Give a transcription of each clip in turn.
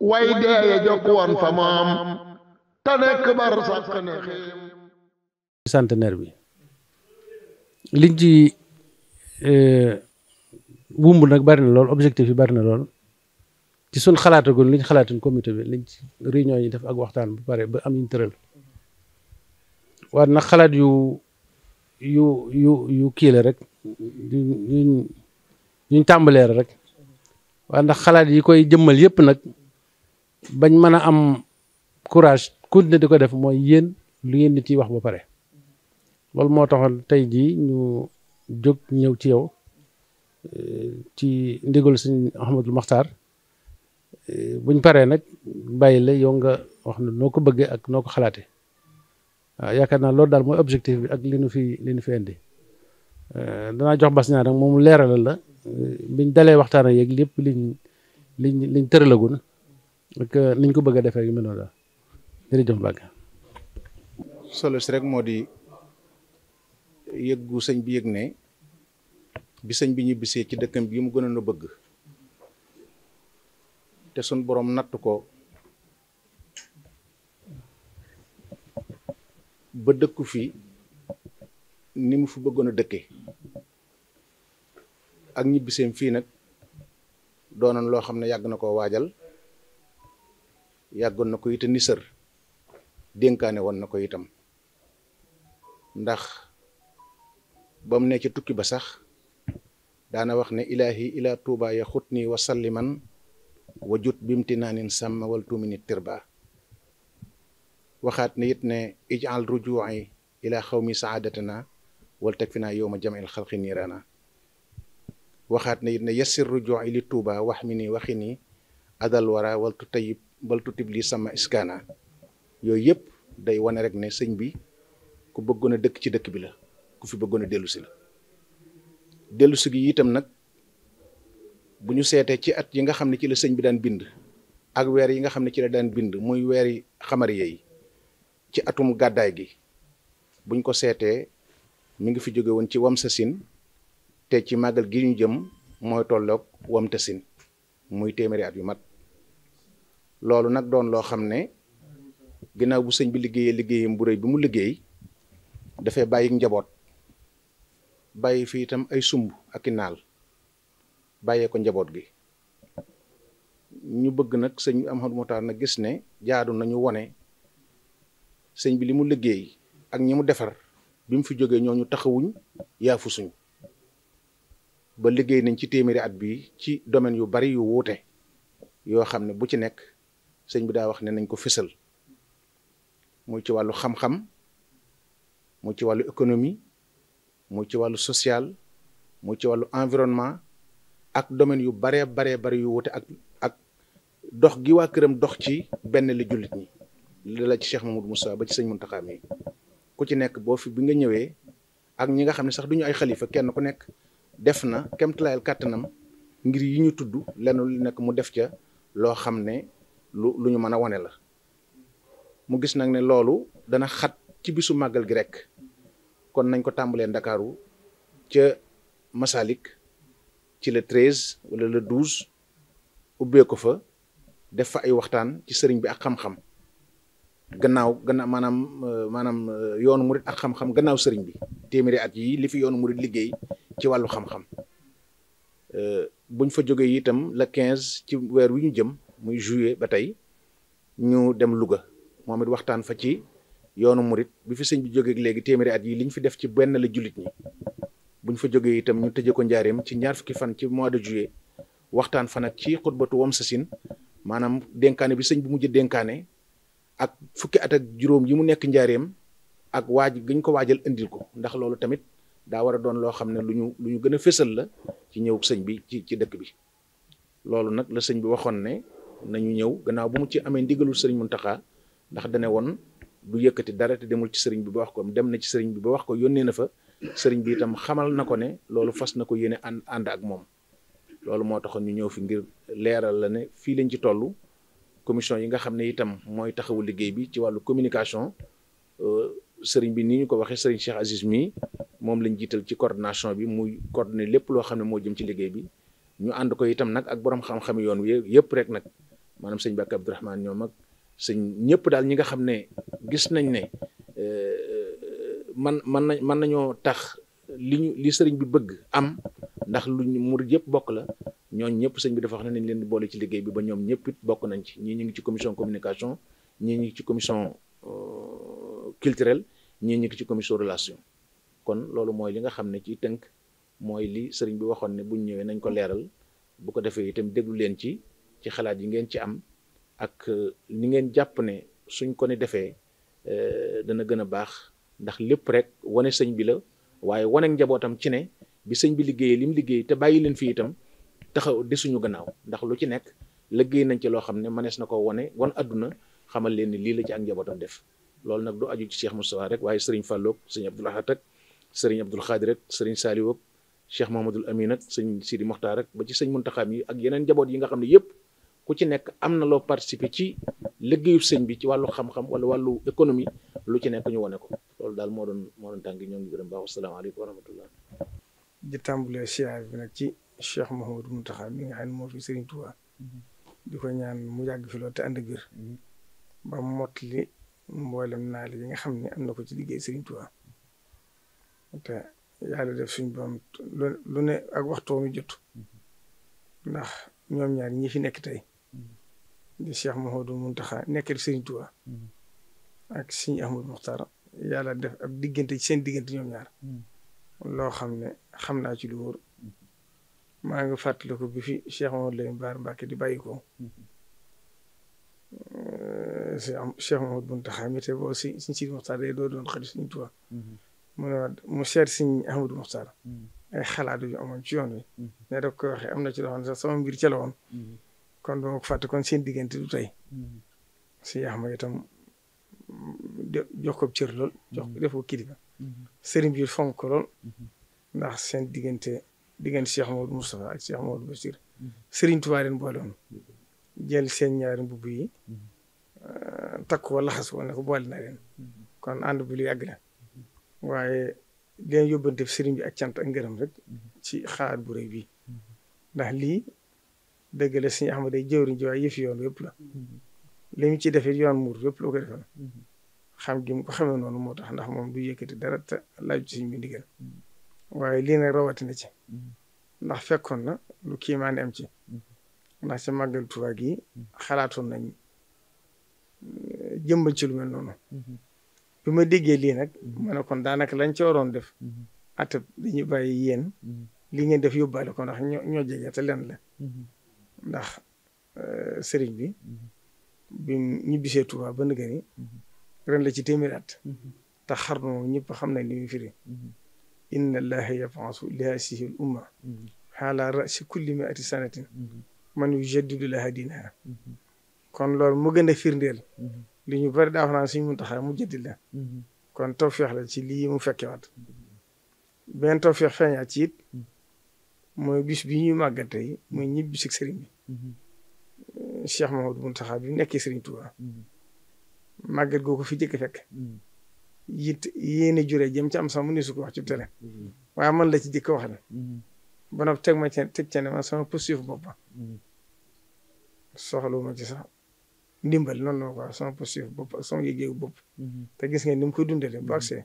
way deeye jokk woon fa moom te nekk bar sàq bi liñ ci e, wumb nag bari na lool objectif yi bari na lool ci suñ xalaatagoon liñ xalaatuñ comité bi liñ ci réunion yi def ak waxtaan bu pare ba am ñu tëral waaye nag xalaat yu yu yu yu kii rek yuñ yuñ tàmbalee rek waaye ndax xalaat yi koy jëmmal yëpp nag bañ mën a am courage na di ko def mooy yéen lu ngeen nit yi wax ba pare loolu moo taxoon tey jii ñu jóg ñëw ci yow eh, ci ndigal sëñ Ahmadul Maxtaar eh, buñ paree nag bàyyi la yow nga wax na noo ko bëggee ak noo ko xalaatee waaw ah, yaakaar naa loolu daal mooy objectif bi ak li nu fi li nu fi indi eh, danaa jox bas ñaar nag moom leeralal la biñ dalee waxtaan ak lépp liñ liñ liñ tëralagun niñ ko bëgg a defee yu mel noonu daal jërëjëf Mbacke. solo si rek moo di yëggu sëñ bi yëg ne bi sëñ bi ñibbisee ci dëkkam bi mu gënoon a bëgg te suñ boroom natt ko ba dëkku fii ni mu fi bëggoon a dëkke ak ñibbiseem fii nag doonoon loo xam ne yàgg na koo waajal. yàggoon na ko it ni sër dénkaane woon na ko itam ndax ba mu nekkee ci tukki ba sax daana wax ne ilaahi ilaa tuuba ya xut nii wasalliman wa jut bimtinaanin sàmm wal tuumini tirba waxaat ne it ne ijaal rujuwaay ilaa xaw mi saadatana fi naa yow ma jamil xalqi niiraana waxaat ne it ne yassir rujuwaay li tuuba wax mi nii waxi nii adal wara wal tayib bal tutib lii sama iskaana yooyu yëpp day wane rek ne sëñ bi ku bëggoon a dëkk ci dëkk bi la ku fi bëggoon a dellu la dellusi si gi itam nag bu ñu seetee ci at yi nga xam ne ci la sëñ bi daan bind ak weer yi nga xam ne ci la daan bind muy weeri xamariye yi ci atum gàddaay gi buñ ko seetee mu ngi fi jóge woon ci wam sa sin te ci màggal gi ñu jëm mooy tolloog wam ta sin muy téeméeri at yu mat loolu nag doon loo xam ne ginnaaw bu sëñ bi liggéeyee liggéeyam bu rëy bi mu liggéey dafay bàyyi njaboot bàyyi fi itam ay sumb ak i naal bàyyee ko njaboot gi ñu bëgg nag sëñ bi am xamumataan nag gis ne jaadu nañu wone sëñ bi li mu liggéey ak ñi mu defar bi mu fi jógee ñooñu taxawuñ yaafu suñ ba liggéey nañ ci téeméeri at bi ci domaine yu bari yu wuute yoo xam ne bu ci nekk sëñ bi daa wax ne nañ ko fësal muy ci wàllu xam-xam muy ci wàllu économie muy ci wàllu social muy ci wàllu environnement ak domaine yu baree baree bari yu wute ak ak dox gi waa këram dox ci benn li jullit ñi li la ci Cheikh Mamadou Moussa ba ci sëñ Mountakha mi ku ci nekk boo fi bi nga ñëwee ak ñi nga xam ne sax duñu ay xalifa kenn ku nekk def na kemtalaayal kàttanam ngir yi ñu tudd lenn lu nekk mu def ca loo xam ne lu lu ñu mën a wane la mu gis nag ne loolu dana xat ci bisu màggal gi rek kon nañ ko tàmbalee ndakaaru ca Masalik ci le treize wala le douze ubbee ko fa def fa ay waxtaan ci sëriñ bi ak xam-xam gannaaw gannaaw maanaam euh, maanaam euh, yoonu murit ak xam-xam gannaaw sëriñ bi téeméeri at yi li fi yoonu murit liggéey ci wàllu xam-xam euh, buñ fa jógee itam le quinze ci weer wi ñu jëm muy juillet ba tey ñu dem Louga moom waxtaan fa ci yoonu murit bi fi sëñ bi jógee léegi téeméeri at yi li ñu fi def ci benn la jullit ñi buñ fa jógee itam ñu tëjee ko njaareem ci ñaar fukki fan ci mois de juillet waxtaan fa ci xutbatu wam sa maanaam denkaane bi sëñ bi mujj dénkaane ak fukki at ak juróom yi mu nekk njaareem ak waaj gañ ko waajal indil ko ndax loolu tamit daa war a doon loo xam ne lu ñu lu ñu gën a fésal la ci ñëw sëñ bi ci ci dëkk bi loolu nag sëñ bi waxoon ne nañu ñëw gannaaw bu mu ci amee ndigalul sëriñ Muntaxa ndax dane woon du yëkkati dara te demul ci sëriñ bi ba wax ko dem na ci sëriñ bi ba wax ko yónnee na fa sëriñ bi xamal na ko ne loolu fas na ko yéene ànd ànd ak moom loolu moo taxoon ñu ñëw fi ngir leeral la ne fii lañ ci toll commission yi nga xam ne itam mooy taxawu liggéey bi ci wàllu communication euh, sëriñ bi ni ñu ko waxee sëriñ Cheikh Aziz mii moom lañ jiital ci coordination bi muy coordonné lépp loo xam ne moo jëm ci liggéey bi ñu ànd ko itam nag ak boroom xam-xam yoon wi yëpp rek nag maanaam sëñ Bakk Abdourahmane ñoom ak sëñ ñëpp daal ñi nga xam ne gis nañ ne man man nañ mën nañoo tax li ñu li sëriñ bi bëgg am ndax lu murid yëpp bokk la ñooñ ñëpp sëñ bi dafa wax ne nañ leen di boole ci liggéey bi ba ñoom ñëpp bokk nañ ci ñii ñu ngi ci commission communication ñii ñu ngi ci commission euh, culturelle ñii ñu ngi ci commission relation kon loolu mooy li nga xam ne ci tënk mooy li sëriñ bi waxoon ne buñ ñëwee nañ ko leeral bu ko defee itam déglu leen ci ci xalaat yi ngeen ci am ak euh, ni ngeen jàpp ne suñ ko ne defee euh, dana gën a baax ndax lépp rek wane sëñ bi la waaye wane njabootam ci ne bi sëñ bi liggéeyee lim liggéey te bàyyi leen fii itam taxaw di suñu gannaaw ndax lu ci nekk léggéey nañ ci loo xam ne mënees na ko wane wan àdduna xamal leen ni lii la ci ak njabootam def loolu nag du aju ci Cheikh Moustapha rek waaye sëriñ Fallou ak sëriñ Abdoul Ahad ak sëriñ Abdoul Khadir ak sëriñ Saliou ak Cheikh Mahamadul Amin ak sëñ Sidi Mokhtar ak ba ci sëñ Muntaxa yi ak yeneen njaboot yi nga xam ne yëpp ku ci nekk am na loo participer ci liggéeyu sëñ bi ci wàllu xam-xam wala wàllu économie lu ci nekk ñu wane ko loolu daal moo doon moo doon ñoo ngi gërëm baax asalaamaaleykum di tàmbalee siyaar bi nag ci Cheikh Mouhamadou Mountakha mi nga xam ne moo fi Serigne Touba di ko ñaan mu yàgg fi loolu te ànd gër ba mot li mboolem naal yi nga xam ne am na ko ci liggéey Serigne Touba te yàlla def suñ boom lu ne ak waxtoo jot ndax ñoom ñaar ñi fi nekk tey di Cheikh Mouhamadou Mountakha nekkal Serigne Touba mm. ak Serigne Ahmadou Mokhtar yàlla def ab diggante seen diggante ñoom ñaar mm. loo xam ne xam naa ci lu maa ngi fàttaliku bi fi Cheikh Mouhamadou Lamine Bara Mbacké di bàyyi ko mm. euh, Cheikh Mouhamadou Mountakha mi te boo si Serigne Sidi Mokhtar doo doon xarit Serigne Touba mu ne waat mu seet Serigne Ahmadou Mokhtar ay xalaat yu amoon ci yoon wi ne daf koy waxee am na ci loo xam ne sax sama mbir ca la kon dama ko kon seen diggante du tey hmm. si ma itam jox ko cër lool jox ko hmm. def ko kilifa hmm. sëriñ bi fonk ko lool ndax seen diggante diggante Cheikh Maodo Moustapha ak Cheikh Maodo Bachir sëriñ tu leen boole woon jël seen ñaari mbubb yi euh, takk ko laxas ko ne ko boole naa leen kon ànd bu lu yàgg la waaye leen yóbbante sëriñ bi ak cant ak rek si xaar bu rëy bi ndax lii dëgg la suñu Ahmad day jëwriñ ji waaye yëfi yoon yëpp la mm-hmm. li ci defee yoon muur yëpp la ko defal mm-hmm. xam gi mu noonu moo tax ndax moom du yëkkati dara te ci suñ bi ndigal mm-hmm. lii nag rawati ci ndax fekkoon na lu kiimaane am ci ndax ci màggal gi xalaatoon nañ jëmba ci lu mel noonu bi ma déggee lii nag ma kon daanaka lañ ci waroon def atëb dañu bàyyi yéen lii ngeen def yóbbaale ko ndax ñoo ñoo jege te ndax euh, sëriñ bi mm-hmm. bi ñibbisee Touba ba nga mm-hmm. ren la ci téeméeri at mm-hmm. te xarnu ñëpp xam nañ li muy firi inna allaha yabasu li hasihi l umma ala rasi kulli miati sanatin man yujaddidu laha dinaha kon loolu mu gën a firndeel li ñu bari daa wax naan suñ mun taxaa mu jëddil la kon tawfeex la ci lii mu fekkewaat beneen tawfeex feeñaat ci it mooy bis bi ñuy màggal tey mooy ñibbi si sëriñ bi mhm. euh, Cheikh Mamadou Mountakha bi nekkee sëriñ Touba mhm. goo ko fi jëkk fekk mhm. it yéene jure jëm ci am sax mu ne su ko wax ci télé waaye man la ci jëkk wax ne ba noppi teg ma ci teg ca ne ma ci sax ndimbal noonu la ma ko wax sama positif bopp ak sama yëg bopp te gis ngeen ni mu koy dundale bu agsee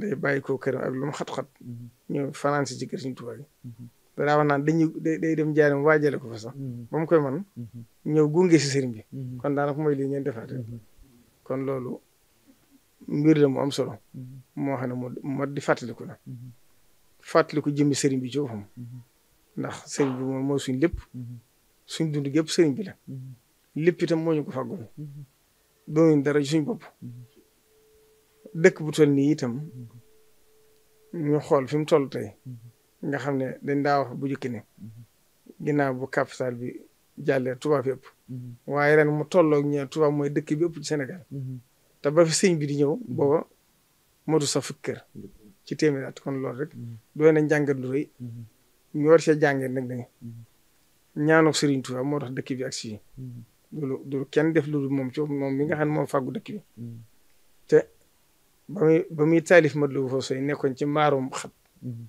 day bàyyi ko këram ak lu mu xat-xat mhm. ñëw fanaan si ci kër Sëriñ Tuubaa mhm. yi danaa wax naan dañuy day dem jaarim waajale ko fa sax mhm. ba mu koy man ñëw gunge si sëriñ bi kon daanaka mooy lii kon loolu mbir mu am solo moo xam ne mu di fàttaliku la fàttaliku jëmmi sëriñ bi ndax sëriñ bi moom mooy suñ lépp suñ dund gépp sëriñ bi la lépp itam moo ñu ko fàggul doonuñ dara ci suñ bopp dëkk bu toll nii itam ñu xool fi mu toll tey nga xam ne dañ daa wax bu jëkk ne ginnaaw bu capital bi jàllee Touba fépp waaye ren mu tolloog ñee Touba mooy dëkk bi ëpp ci Sénégal te ba fi sëñ bi di ñëw booba modu sa fukk kër ci téeméer at kon loolu rek doy na njàngat lu rëy ñu war see jàngee nag ne ñaanoo Serigne Touba moo tax dëkk bi ak si loolu mm-hmm. loolu kenn def lu moom ci moom mi nga xam ne moo fàggu dëkk bi mm-hmm. ba muy ba muy taalif Matlabul Fawzayni nekkoon ci maarum xat mm-hmm.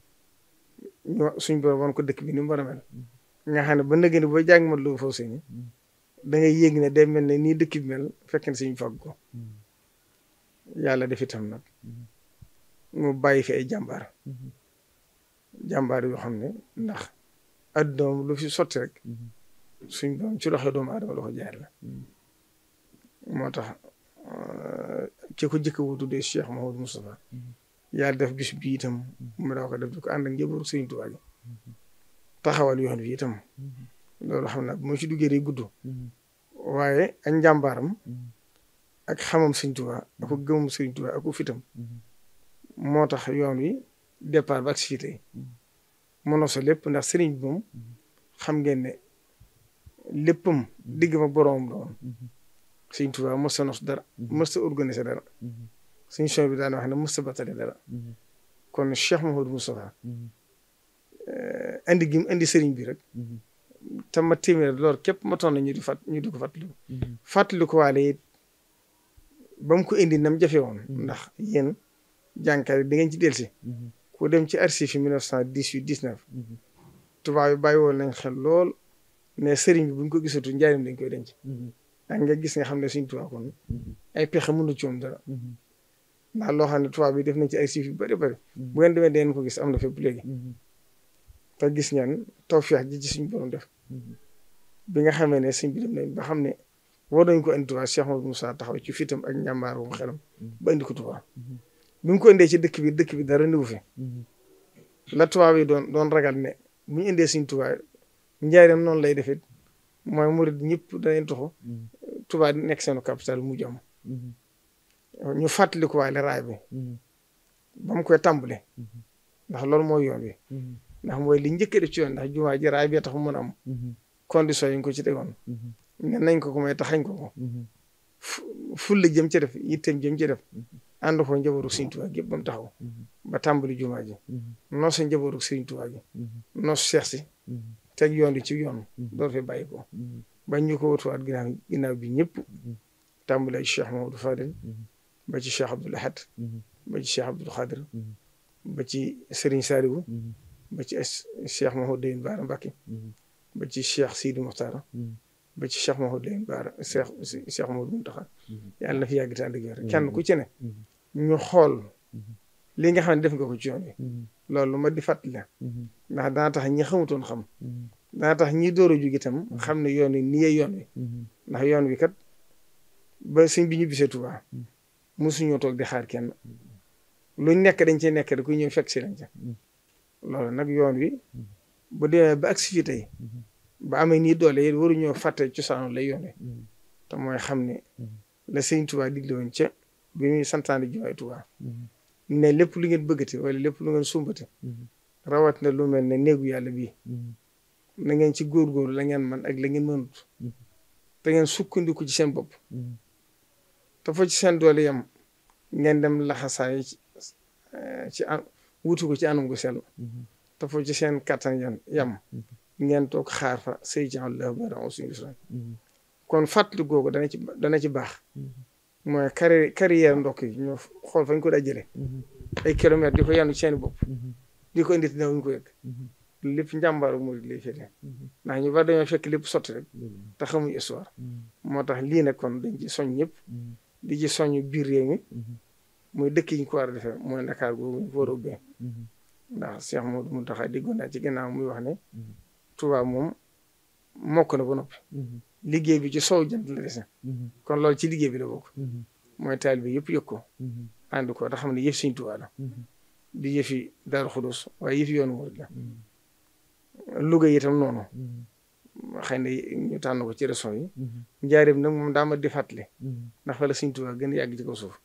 ñu suñ borom wan ko dëkk bi ni mu war a mel mm-hmm. nga xam ne ba nëgë ni boo jàng Matlabul Fawzayni mm-hmm. da dangay yéeg ne day mel ne nii dëkk bi mel fekk na suñu fàgg ko yàlla def itam nag mu bàyyi fi ay jàmbaar jàmbaar yoo xam ne ndax adduna lu fi sotti rek suñ borom ci loxo doomu aadama la ko jaar la moo tax ci ko jëkk woo tuddee Cheikh Mouhamadou Moustapha mm-hmm. yàlla def bis bi itam mu daa ko def di ko ànd ak njëbaru mm-hmm. taxawal yoon bi itam mm-hmm. loolu xam naa bu ma ak njàmbaaram ak xamam Sëriñ Tuubaa ak ko gëmam Sëriñ Tuubaa ak ko fitam moo tax yoon wi départ ba ak si fii tey lépp ndax sëriñ bi moom xam ngeen ne léppam digg ma boroomam la Sëñ Tuubaa mos a dara mhm. mos a dara suñu son bi daan wax ne mos a batale dara mhm. kon Cheikh Mouhamadou Moustapha mhm. eh, indi gi mu indi sëriñ bi rek te ma téeméer loolu képp ma toon na ñu di fat ñu di ko fàttaliku fàttaliku waale it ba mu ko indi nam jafe woon ndax yéen jànkat yi da ngeen ci delsi ku dem ci archives yi mille neuf cent dix-huit dix bàyyi woon nañ xel lool ne sëriñ bi buñ ko gisatu njaarim ko koy denc a nga gis nga xam ne suñ tubaab kon mhm. ay pexe mënu ci moom dara mhm. ndax loo xam ne tubaab bi def nañ ci ay siif yu bëri bëri mhm. bu ngeen demee dangeen ko gis am na fépp léegi te gis ngeen tawfeex ji suñ borom def bi nga xamee ne suñ bi dem nañ ba xam ne war nañ ko indi tubaab Cheikh Mouhamadou Moussa taxaw ci fitam ak njàmbaarum xelam ba indi ko tubaab bi mu ko indee ci dëkk bi dëkk bi dara niwu fi la tubaab yi doon doon ragal ne mu ñu indee suñ tubaab njaareem noonu lay defit mooy murid ñëpp danañ toxu mm-hmm. Touba nekk seenu capital mu jëm mm-hmm. ñu fàttaliku waale raay bi mm-hmm. ba mu koy tàmbale ndax loolu mooy yoon bi ndax mooy li njëkk def ci yoon ndax jumaa ji raay bi tax mu mën a am condition yi ñu ko ci tegoon ne nañ ko ko may taxañ ko ko fulla jëm ci def yitteem jëm ci def ànd ko njabootu Sëriñ Tuubaa gi ba mu taxaw ba tàmbali jumaa ji noosu njabootu Sëriñ Tuubaa gi noosu si teg yoon ci yoon door mm-hmm. fi bàyyi ko mm-hmm. bañ ñu ko wutuwaat ginnaaw ginnaaw bi ñëpp mm-hmm. tàmbalee ci Cheikh Mamadou ba ci Cheikh Abdoul Ahad ba ci Cheikh Abdoul Khadir ba ci Serigne Saliou ba ci Cheikh Mahmoud Dayin Baara Mbacké ba ci Cheikh Sidi Mokhtar ba ci Cheikh Mahmoud Dayin Baara Cheikh Cheikh Mahmoud Mountakha yàlla fi yàgg te ànd kenn ku ci ne ñu xool li nga xam ne def nga ko ci yoon loolu lu ma di fàttali mhm. ndax dana tax ñi xamutoon xam mhm. dana tax ñi door a jug itam mhm. xam ne yoon wi nii yoon wi ndax yoon wi kat ba sëñ bi ñu bisee mu mosuñoo toog di xaar kenn luñ nekk dañ cee nekk rek ku ñëw fekk si lañ ca loolu nag yoon wi bu demee ba agsi fii tey ba amee nii doole yéen waruñoo fàtte cosaanu lay yoon wi te mooy xam ne la sëñ Tuubaa digle woon ca bi muy santaane jumaay Tuubaa ne lépp lu ngeen bëggati wala lépp lu ngeen sumbati mhm. rawat na lu mel ne néegu yàlla bi mhm. na ngeen ci góor góor la ngeen man ak la ngeen mënut mhm. te ngeen sukkandiku ci seen bopp te fa ci seen doole yam ngeen dem laxasaay ci eh, an ko ci anam gu sell te fa ci seen kattan yam ngeen toog xaar fa say jaxal la bara suñu kon fàttali googu dana ci baax mooy carrière carrière ndokk yi ñoo xool fañ ko daa jëlee mm-hmm. ay kilomètres di ko yandu seen bopp mm-hmm. di ko indi te dawuñu ko yëg mm-hmm. lépp njàmbaaru murid lay fete ndax ñu bari dañoo fekk lépp sotti rek te xamuñu histoire moo tax lii nekkoon kon dañ ci ñëpp di ci soñ biir réew mi muy dëkk yi ñu ko war a defee mooy Ndakaar googu ñu ko war a ubbee ndax Cheikh Modou Mountakha déggoon naa ci ginnaaw muy wax ne Touba moom mokk na ba noppi liggéey bi ci soow jant la dese mhm. kon lool ci liggéey bi la bokk mhm. mooy taal bi yëpp yëg ko mhm. ànd ko da xam ne yëf Sëñ Tuubaa la di yëfi Daaru Xudoos waaye yëfi yoonu murid la Louga itam noonu xëy na tànn ko ci région yi njaareem nag moom daama di fàttali ndax fa la Sëñ Tuubaa gën a yàgg ci kaw suuf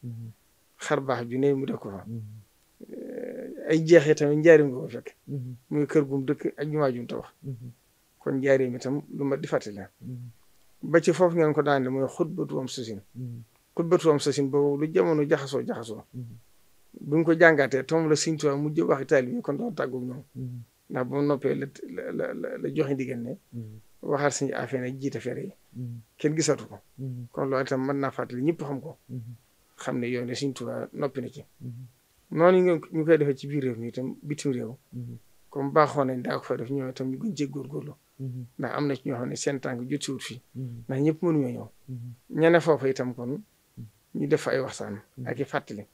xar baax ju mu def ko fa eh, ay jeexee tamit njaareem nga ko fekk muy kër gum dëkk ak jumaa jum tabax kon njaareem itam lu ma di fàttali la ba foofu ngeen ko daanee mooy xutbatu am sasin mm. xutbatu am sasin boobu lu jamono jaxasoo jaxasoo mm. bu ñu ko jàngatee tom la Sëñ Tuubaa mujj waxi taalibe yi kon doon tàggu ñoom mm. ndax ba mu noppee la la la joxe ndigal ne waxal suñu affaire yi jiite fere kenn gisatu ko kon loolu itam mën naa fàttali ñëpp xam ko xam ne yoon ne Sëñ Tuubaa noppi na ci noonu ñu ñu koy defee ci biir réew mi itam bitim réew comme baaxoo nañ daa ko fa def ñoom tam ñu gën cee góorgóorlu Mm-hmm. na am na ci ñoo xam ne seen tànk jot si wut fii mm-hmm. ndax ñëpp mënuñoo ñëw mm-hmm. ñene fa itam kon ñu def ay waxtaan ak ki fàttali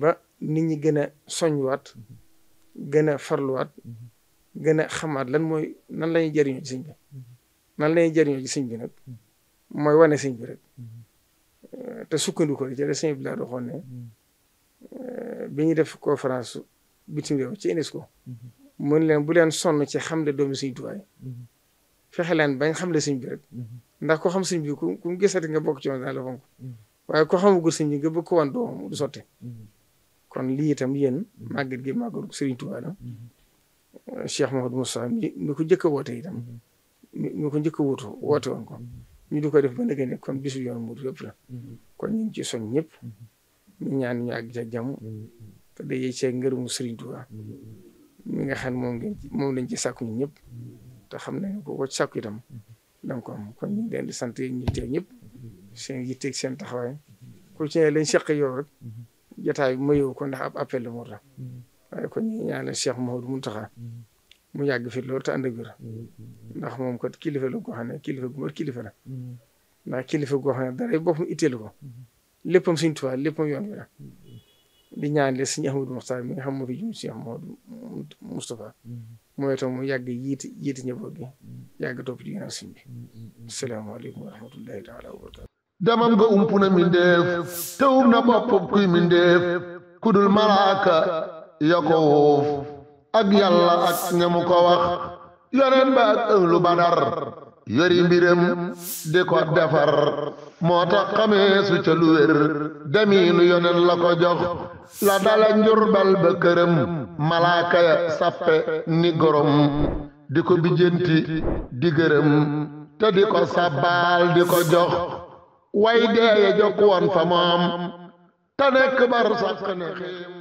ba nit ñi gën a waat gën a farluwaat gën a xamaat lan mooy nan la ñuy jëriñoo sëñ nan la ñuy sëñ bi nag mooy wane sëñ bi rek te sukkandiku ko jële sëñ eh, bi laa doxoon ne bi ñu def conférence bitim réew ci UNESCO mun leen bu leen sonn ci xam le doomi Sëñ Tuubaa mm-hmm. fexe leen bañ xam le sëñ bi rek mm-hmm. ndax ko xam sëñ bi ku ku gisati nga bokk ci woon dana mm-hmm. waaye ko xamagul sëñ nga bëgg ko wan du sotte kon lii itam yéen màggat gi màggalu Sëriñ Tuubaa la euh, Cheikh Mouhamadou Moussa ko njëkk a woote itam ko njëkk a woote woon ko ñu du ko def ba nga ne kon bisu yoon mu lépp la ko ñu ngi ci soñ ñëpp ñu ñaan ñu àgg ca jàmm te dayee cee ngërëmu Sëriñ Tuubaa mi nga xam moom ngeen moom lañ ci sàkku ñun ñëpp te xam na ko ko ci sàkku itam donc kon ñu ngi leen sant ñu teew ñëpp seen yitteeg seen taxawaay ku ci ne lañ seq yow rek jotaay bi mayoo ko ndax ab appel la moo tax waaye kon ñu ñaanal Cheikh Mouhamadou taxa mu yàgg fi loolu te ànd ak ndax moom kat kilifa la goo xam ne kilifa gu mat kilifa la ndax kilifa goo xam ne dara boppam itteelu ko léppam Sëñ Tuubaa léppam yoon di ñaan suñu Ahmadou Mokhtar mi nga xam moo fi mm-hmm. mu yàgg yiiti yiiti mm-hmm. yàgg topp ci ginnaaw suñ bi mm-hmm. asalaamaaleykum wa rahmatullahi taala wa barakatu damam nga umpuna mindeef te um na boppam kuy mindeef kudul malaaka ya ko wóof ak yàlla ak ña ko wax yoneen ba ak ënglu badar yori mbiram di ko defar moo tax xamee su ca lu la ko jox la dala njurbal ba këram malaaka ya sappe ni gorom di ko bijjanti di gërëm sabbaal di jox way deeye jokk woon fa moom te bar sàkk